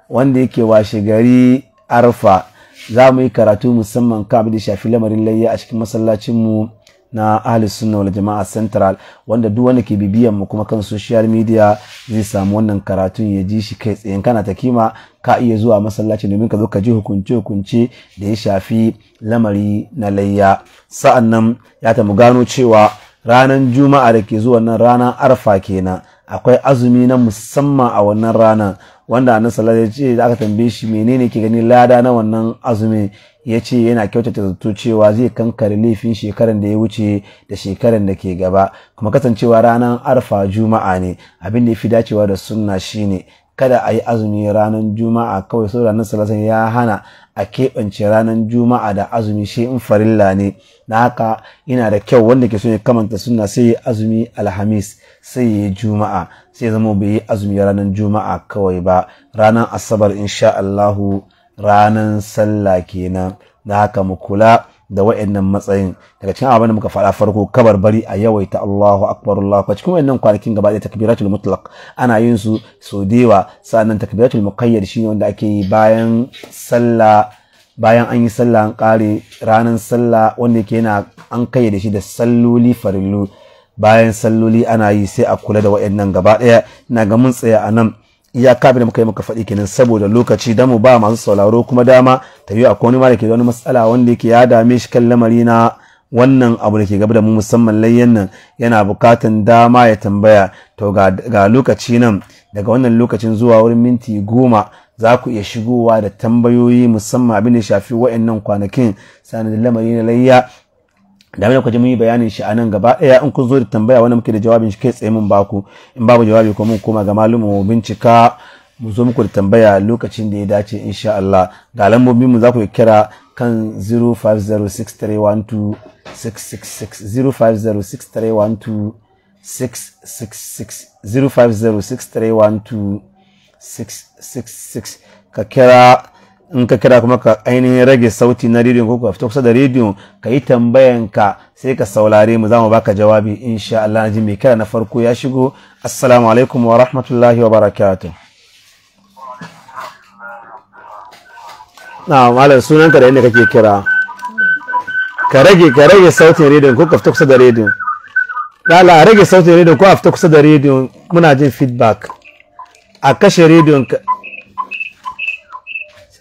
Speaker 1: wanda yake washe gari arfa za mu yi karatu musamman kan abin da shafi lamarin layya a cikin masallacin mu na ahli sunna wal jama'a central wanda duk wanda ke bibiyan mu kuma kan social media zai samu wannan karatun ya ji shi kai tsaye kana ta kima ka iya zuwa masallaci domin ka zo ka ji hukunce hukunce da ya shafi lamari na layya sa'annan ya ta mu gano cewa ranar juma'a da ke zuwa nan ranar arfa kenan akwai azumi na musamman a wannan ranar wanda annabi sallallahu alaihi wasallam ya ce da aka tambaye shi menene ke gani lada na wannan azumi ya ce yana kyautata zato cewa zai kankare laifin shekaran da ya wuce da shekaran da ke gaba kuma kasancewa ranar arfa juma'a ne abin da ya fi dacewa da sunna shine kada a yi azumi ranar juma'a kawai saboda nan salasan ya hana a keɓance ranar juma'a da azumi shi in farilla ne na haka yana da kyau wanda ke so ya kamanta sunna sai ya azumi alhamis sai ya yi juma'a sai zama bai yi azumi ranar juma'a kawai ba ranar asabar insha Allahu ranan sallah kenan da haka mu kula da wa'annan matsayin daga cikin abin da muka faɗa farko kabar bari a yawaita Allahu akbar Allahu akbar cikin wa'annan kwanakin gaba ɗaya takbiratul mutlaq ana yin su so dewa sannan takbiratul muqayyad shine wanda ake yi bayan sallah bayan an yi sallah an kare ranar sallah wanda yake yana an kayyade shi da salloli farillu bayan salloli ana yi sai a kula da wa'annan gaba ɗaya ina ga mun tsaya a nan iya kabi da muka yi muka faɗi kenan saboda lokaci da mu ba masu sauraro kuma dama ta yi akwai wani ma da ke wani matsala wanda yake ya dame shi kan lamari na wannan abu da ke gaba da mu musamman layyan nan yana bukatan dama ya tambaya to ga lokaci nan daga wannan lokacin zuwa wurin minti goma za ku iya shigowa da tambayoyi musamman abin da shafi wa'annan kwanakin sanadin lamari na layya da mai kwaje mun yi bayanin shi a nan gaba ɗaya in kun zo da tambaya wani muke da jawabin shi kai tsaye mun baku in babu jawabi ko mun koma ga malumin bincika mu zo muku da tambaya lokacin da ya dace insha Allah ga lambobin mu za ku kira kan 0506312666 0506312666 ka kira in ka kira kuma ka ainihin rage sauti na rediyon ko ka fito kusa da rediyon ka yi tambayanka sai ka saulare mu za mu baka jawabi insha Allah ji mai kira na farko ya shigo assalamu alaikum wa rahmatullahi wa barakatuh na malam sunanka da inda kake kira ka rage ka rage sautin rediyon ko ka fito kusa da rediyon lala rage sautin rediyon ko a fito kusa da rediyon muna jin feedback a kashe rediyon ka.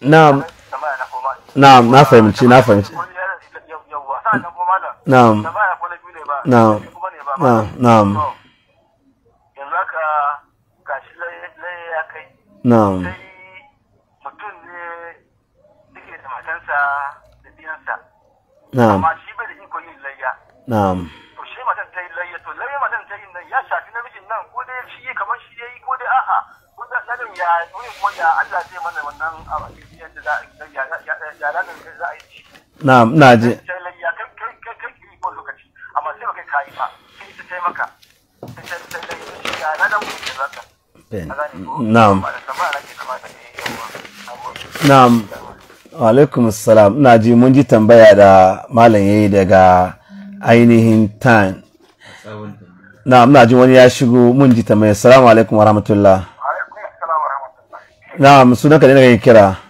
Speaker 1: na'am na'am na fahimci na fahimci na'am na'am na'am yanzu haka gashi laye ya kai na'am mutum ne duke da matansa da biyansa na'am amma shi bai da iko yin layya na'am to shi matan ta yi layya to layya matan ta yi nan ya shafi namijin nan ko dai shi kamar shi ya yi ko dai a'a ko da sanin ya kuma ya Allah zai mana wannan abu yara da na ji na'am na'am alaikum ji mun ji tambaya da malam yayi daga ainihin tan na'am ina ji wani ya shigo mun ji tambaya assalamu alaikum wa rahmatullah na'am sunanka ne daga kira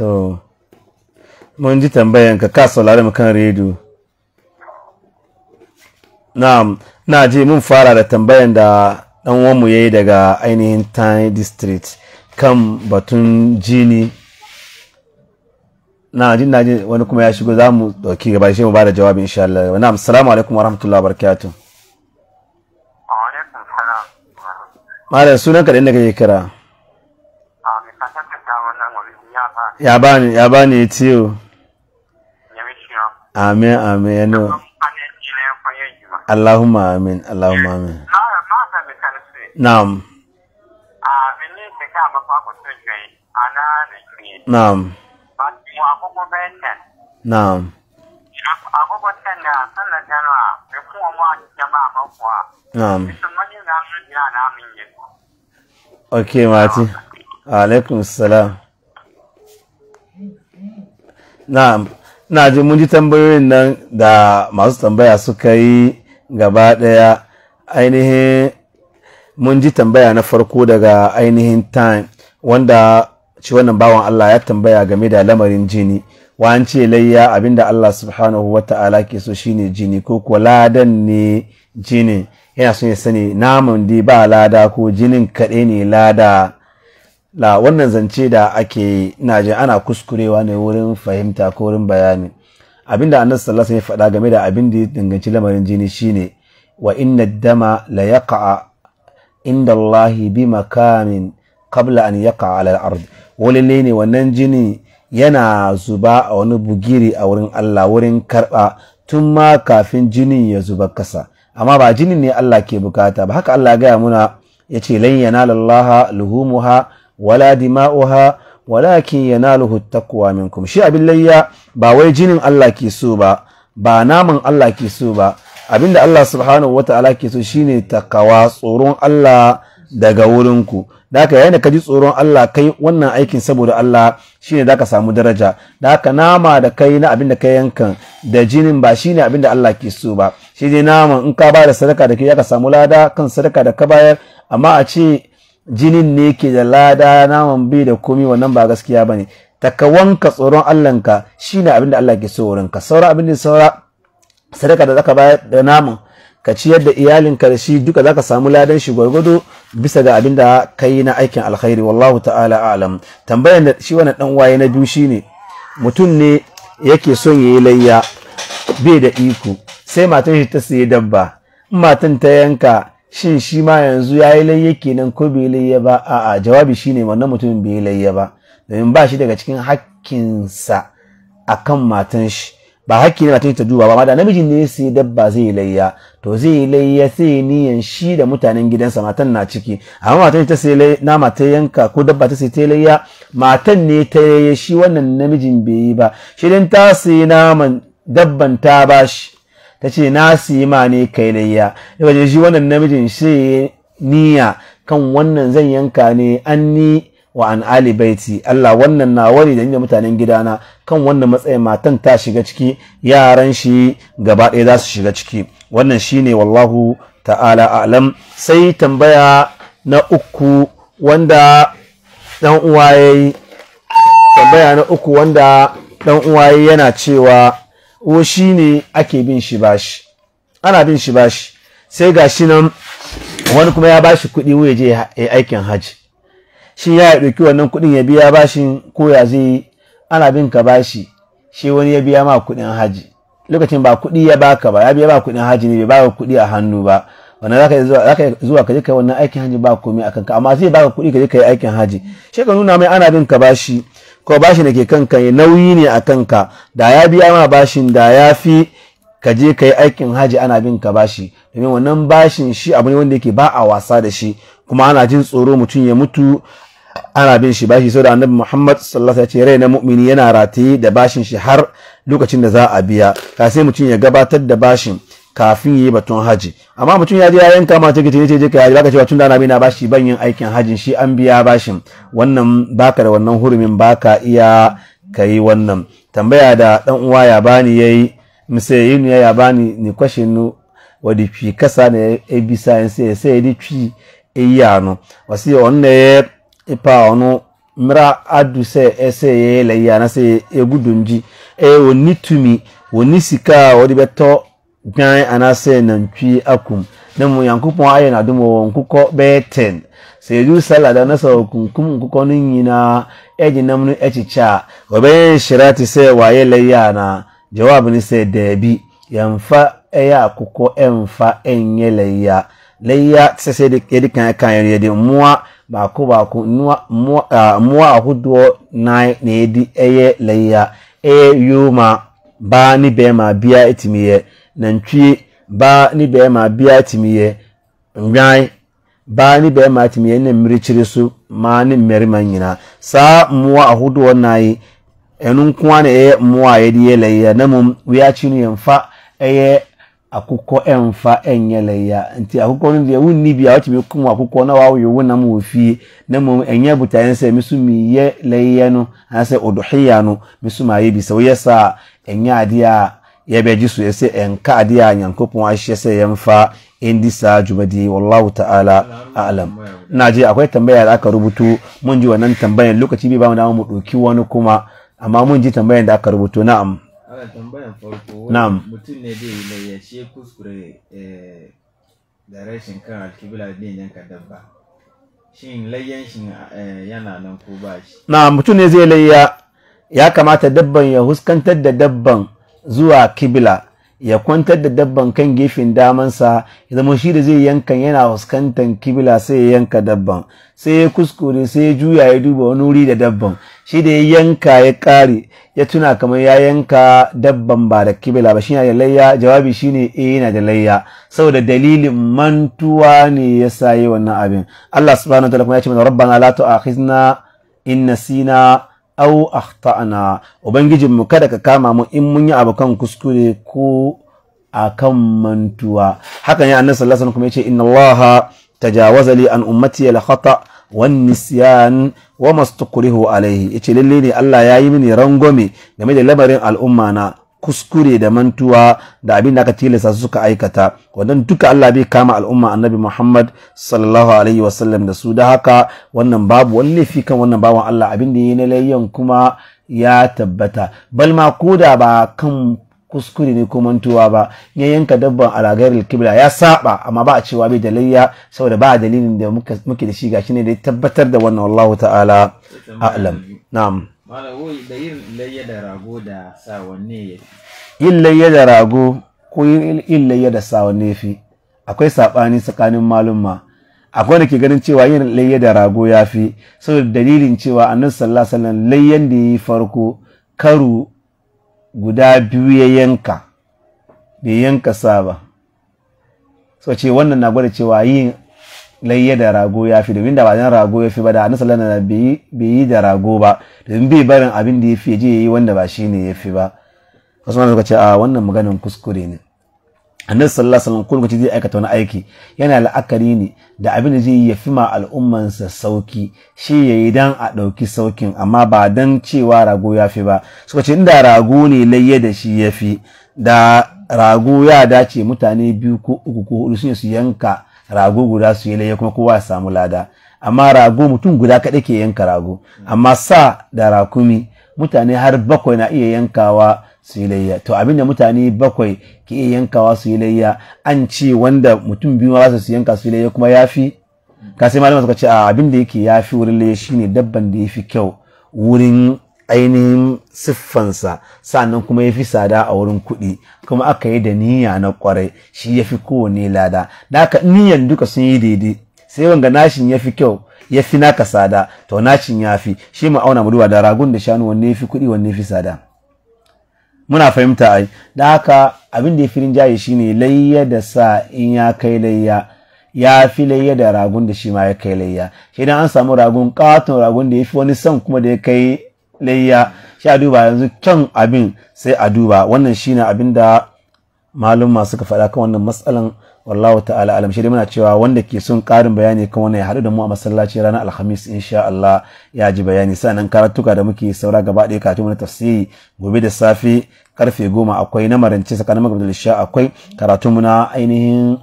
Speaker 1: to mun ji tambayan ka ka saurari mu kan rediyo na'am na ji mun fara da tambayan da dan uwanmu yayi daga ainihin Tani district kan batun jini na ji na ji wani kuma ya shigo za mu dauki gaba shi mu bada jawabi insha Allah na'am assalamu alaikum wa rahmatullahi wa barakatuh Mare sunan ka da inda kake kira? yabani yabani eti o amin amin ẹnu allahumma amin allahumma amin naam naam naam akoko tẹnɛ naam musomanni ok maati aleykum salaam. na na ji mun ji tambayoyin nan da masu tambaya suka yi gaba ɗaya ainihin mun ji tambaya na farko daga ainihin time wanda ci wannan bawan Allah ya tambaya game da lamarin jini wa ce layya abinda Allah subhanahu wa ta'ala ke so shine jini ko kuwa ladan ne jini yana son ya sani naman dai ba lada ko jinin kaɗai ne lada la wannan zance da ake naje ana kuskurewa ne wurin fahimta ko wurin bayani abinda annabi sallallahu alaihi ya faɗa game da abin da ya danganci lamarin jini shine wa inna dama la yaqa inda Allah bi makamin qabla an yaqa ala al-ard walalle ne wannan jini yana zuba a wani bugiri a wurin Allah wurin karba tun ma kafin jinin ya zuba kasa amma ba jinin ne Allah ke bukata ba haka Allah ya gaya muna yace lan yanala Allah luhumuha wala دماؤها walakin يناله التقوى منكم shi abin layya ba wai jinin Allah ke so ba ba naman Allah ke so ba abinda Allah subhanahu wata'ala ke so shine takawa tsoron Allah daga wurinku da haka yayin da ka ji tsoron Allah kai wannan aikin saboda Allah shine da ka samu daraja da haka nama da kai na abinda da ka yankan da jinin ba shine abinda Allah ke so ba shi dai naman in ka bada sadaka da kai ka samu lada kan sadaka da ka bayar amma a ce jinin ne ke da lada naman bai da komi wannan ba gaskiya bane takawanka tsoron Allahnka shine abin da Allah ke so wurinka saura abin da saura sadaka da zaka bayar da naman ka ciyar da iyalinka da shi duka zaka samu ladan shi gwargwado bisa ga abin da kai na aikin alkhairi wallahu ta'ala a'lam tambayar da shi wannan dan waye na biyu shine mutum ne yake son yayi layya bai da iko sai matar shi ta sayi dabba matan ta yanka shin shi ma yanzu ya yi layya kenan ko bai layya ba a'a jawabi shine wannan mutumin bai layya ba domin ba shi daga cikin hakkinsa akan matan shi ba hakki ne matan ta duba ba ma da namijin ne sai dabba zai yi layya to zai yi layya sai niyan shi da mutanen gidansa matan na ciki amma matan ta sai nama ta yanka ko dabba ta sai ta layya matan ne ta yayya shi wannan namijin bai yi ba shi dan ta sai naman dabban ta bashi ta ce na siyi ma ne kai layya daga shi wannan namijin shi niya kan wannan zan yanka ne an ni wa an ali baiti Allah wannan na wani da mutanen gidana kan wannan matsayin matan ta shiga ciki yaran shi gaba ɗaya za su shiga ciki wannan shine wallahu ta'ala alam sai tambaya na uku wanda dan uwaye uwa yana cewa wo shi ne ake bin shi bashi ana bin shi bashi sai ga shi nan wani kuma ya bashi kuɗi wo je ya aikin hajji shi ya ɗauki wannan kuɗin ya biya bashin ko ya zai ana bin ka bashi shi wani ya biya ma kuɗin hajji lokacin ba kuɗi ya baka ba ya biya ba kuɗin hajji ne bai baka kuɗi a hannu ba wannan zaka zuwa zaka zuwa ka je kai wannan aikin hajji ba komai akan ka amma zai baka kuɗi ka je kai aikin hajji shi ka nuna mai ana bin ka bashi ko bashin da ke kanka nauyi ne a kanka da ya biya ma bashin da ya fi ka je ka yi aikin haji ana bin ka bashi domin wannan bashin shi abu ne wanda yake ba a wasa da shi kuma ana jin tsoro mutum ya mutu ana bin shi bashi saboda annabi Muhammad sallallahu ya ce rai na mu'mini yana rataye da bashin shi har lokacin da za a biya ka sai mutum ya gabatar da bashin kafin yi batun haji amma mutum ya je ya yanka ma take ne je ka baka cewa tun da na bina bashi ban yin aikin hajin shi an biya bashin wannan baka da wannan hurumin baka iya kai wannan tambaya da dan uwa ya bani yayi mseyinu ya ya bani ni question wadi fi kasa ne ebisa nse sai di fi eya no wasi onne ipa ono mra adu sai ɛsɛ e yɛyɛ e la sai anasɛ egudonji ɛyɛ e wɔn tumi sika dwan anaasɛ nantwie akum na mu nyankopɔn ayɛ n'adom wɔ nkokɔ bɛyɛ ten sɛ yɛdu salad na sɛ ɔkunkum nkokɔ no nyinaa ɛgye nam no akyikyɛ a wɔbɛyɛ nhyira te sɛ wɔayɛ lɛ yɛ anaa jawab ne sɛ daabi yɛmfa ɛyɛ akokɔ ɛmfa ɛnyɛ lɛ yɛ lɛya te sɛ yɛde kan kan yɛde mmoa baako baako mmoa ahodoɔ nan na yɛde ɛyɛ lɛya ɛyɛ yoma baa ne bɛrima bia ɛtumi yɛ nantwie baa ne barima bia tumi yɛ nnwan baa ne barima tumi yɛ ne mmirekyire so mmaa ne mmarima nyinaa saa mmoa ahodoɔ nan ɛno nko ara na ɛyɛ mmoa a yɛde yɛ lɛyɛ na mmom wiakyi no yɛmfa ɛyɛ akokɔ ɛmfa ɛnyɛ lɛyɛ nti akokɔ no deɛ wunni bi a wɔtumi kum akokɔ na wawoyɛ wo nam wɔ fie na mmom ɛnyɛ botaeɛ sɛ mi so miyɛ lɛyɛ no anaasɛ ɔdɔhea no mi so maayɛ bi sɛ woyɛ saa ɛnyɛ adeɛ a yɛbɛgye so ɛsɛ ɛnka adeɛ a nyankopɔn ahyɛ sɛ yɛmfa ɛndi saa dwumadi wallahu ta'ala alam na je akwai tambaya da aka rubuto mun ji wannan tambayan lokaci bai ba mu dama mu ɗauki wani kuma amma mun ji tambayan da aka rubuto na'am na'am mutum ne dai ne ya ce kuskure eh, da rashin kan alkibla din yanka dabba shin layyan shin eh, yana nan ko ba shi na mutum ne zai layya ya kamata dabban ya huskantar da dabban zuwa kibila ya kwantar da dabban kan gefen damansa ya zama shi da zai yanka yana fuskantar kibila sai ya yanka dabban sai ya kuskure sai ya juya ya duba wani wuri da dabban shi da ya yanka ya kare ya tuna kamar ya yanka dabban ba da kibla ba shine da layya jawabi shine eh yana da layya saboda dalilin mantuwa ne ya sayi wannan abin Allah subhanahu wa ta'ala kuma ya ce mana rabbana la tu'akhizna in nasina au akhtana ubangijin mu kada ka kama mu in mun yi abu kan kuskure ko akan mantuwa hakan ya annabi sallallahu alaihi wasallam kuma yace inna allaha tajawaza li an ummati al khata wan nisyan wa mastukrihu alaihi yace lalle ne Allah ya yi mini rangwame game da lamarin al'umma na kuskure da mantuwa da abin da aka tilasta suka aikata wannan duka Allah bai kama al'umma annabi Muhammad sallallahu alaihi wasallam da su da haka wannan babu wani laifi kan wannan bawan Allah abin da yi na layyan kuma ya tabbata bal ma koda ba kan kuskure ne ko mantuwa ba ya yanka dabban alagairil kibla ya saba amma ba a cewa bai da layya saboda ba dalilin da muke da shi gashi ne da tabbatar da wannan wallahu ta'ala a'lam na'am yin layya da rago ko yin layya da sawanne ya fi akwai saɓani tsakanin malumma akwai da ke ganin cewa yin layya da rago ya fi saboda dalilin cewa annabi sallallahu alaihi wasallam layyan da yi farko karu guda biyu ya yanka bai yanka sa ba so ce wannan na gwada cewa yin layya da rago ya fi domin da ba rago ya fi ba da annabi sallallahu alaihi yi da rago ba domin bai barin abin da ya fi je yi wanda ba shi ne ya fi ba wasu suka ce a ah, wannan maganin kuskure ne annabi sallallahu alaihi wasallam ko ce zai aikata wani aiki yana la'akari ne da abin da zai yi ya fi ma al'ummansa sauki shi ya yi dan a ɗauki saukin amma ba dan cewa rago ya fi ba suka ce inda rago ne layya da shi ya fi da rago ya dace mutane biyu ko uku ko hudu sun su yanka rago guda su yi layya kuma kowa ya samu lada amma rago mutum guda kaɗai ke yanka rago amma sa da rakumi mutane har bakwai na iya yankawa su yi layya to abin da mutane bakwai ke iya yankawa su yi layya an ce wanda mutum biyu ma su yanka su yi layya kuma ya fi ka sai suka ce a abin da yake ya fi wurin layya shine dabban da ya fi kyau wurin ainihin siffansa sannan kuma ya fi sada a wurin kuɗi kuma aka yi da niyya na ƙwarai shi ya fi kowane lada da haka niyyan duka sun yi daidai sai wanga nashin ya fi kyau ya fi naka sada to nashin ya fi shi ma auna mu duba da ragun da shanu wanne ya fi kuɗi wanne ya fi sada muna fahimta ai da haka abin da ya fi rinjaye ne layya da sa in ya kai layya ya fi layya da ragun da shi ma ya kai layya shi an samu ragun katon ragun da ya fi wani san kuma da ya kai layya shi a duba yanzu can abin sai a duba wannan shi shine abin da malumma suka faɗa kan wannan matsalan wallahu ta'ala alam shi muna cewa wanda ke son ƙarin bayani kan wannan ya haɗu da mu a masallaci ranar alhamis insha Allah ya ji bayani sannan karatuka da muke saura gaba ɗaya kafin wani tafsiri gobe da safe karfe goma akwai na marance tsakanin magana da akwai karatu muna ainihin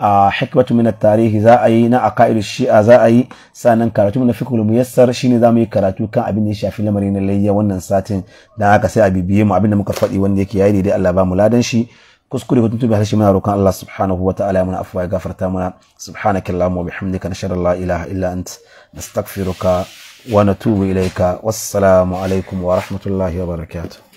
Speaker 1: a hikmatu min tarihi za a yi na aqaidu shi'a za a yi sanan karatu na fiqhul muyassar shine za mu yi karatu kan abin da ya shafi lamarin layya wannan satin da aka sai a bibiye mu abin da muka faɗi wanda yake yayi dai Allah ba mu ladan shi kuskure ko tuntubi harshe muna roƙon Allah subhanahu wa ta'ala muna afwa ya gafarta muna subhanakallahumma wa bihamdika nashhadu an la ilaha illa ant nastaghfiruka wa natubu ilayka wassalamu alaikum wa rahmatullahi wa barakatuh